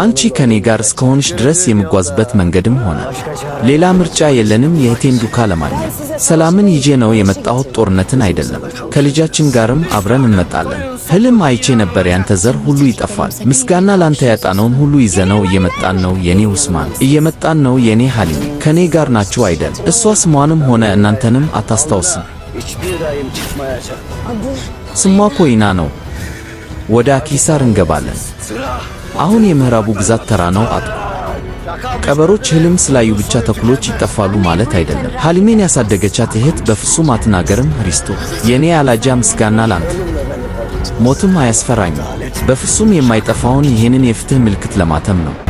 አንቺ ከኔ ጋር እስከሆንሽ ድረስ የምጓዝበት መንገድም ሆነ ሌላ ምርጫ የለንም። የእህቴን ዱካ ለማግኘት ሰላምን ይዤ ነው የመጣሁት፣ ጦርነትን አይደለም። ከልጃችን ጋርም አብረን እንመጣለን። ህልም አይቼ ነበር፣ ያንተ ዘር ሁሉ ይጠፋል። ምስጋና ላንተ። ያጣነውን ሁሉ ይዘነው እየመጣን ነው የኔ ውስማን፣ እየመጣን ነው የኔ ሐሊም። ከኔ ጋር ናችሁ አይደል? እሷ ስሟንም ሆነ እናንተንም አታስታውስም። ስሟ ኮይና ነው። ወደ አኪሳር እንገባለን። አሁን የምዕራቡ ግዛት ተራ ነው አጥቁ። ቀበሮች ህልም ስላዩ ብቻ ተኩሎች ይጠፋሉ ማለት አይደለም። ሃሊሜን ያሳደገቻት እህት በፍጹም አትናገርም። ሪስቶ የእኔ አላጃ ምስጋና ላንተ። ሞትም አያስፈራኝም። በፍጹም የማይጠፋውን ይህንን የፍትህ ምልክት ለማተም ነው።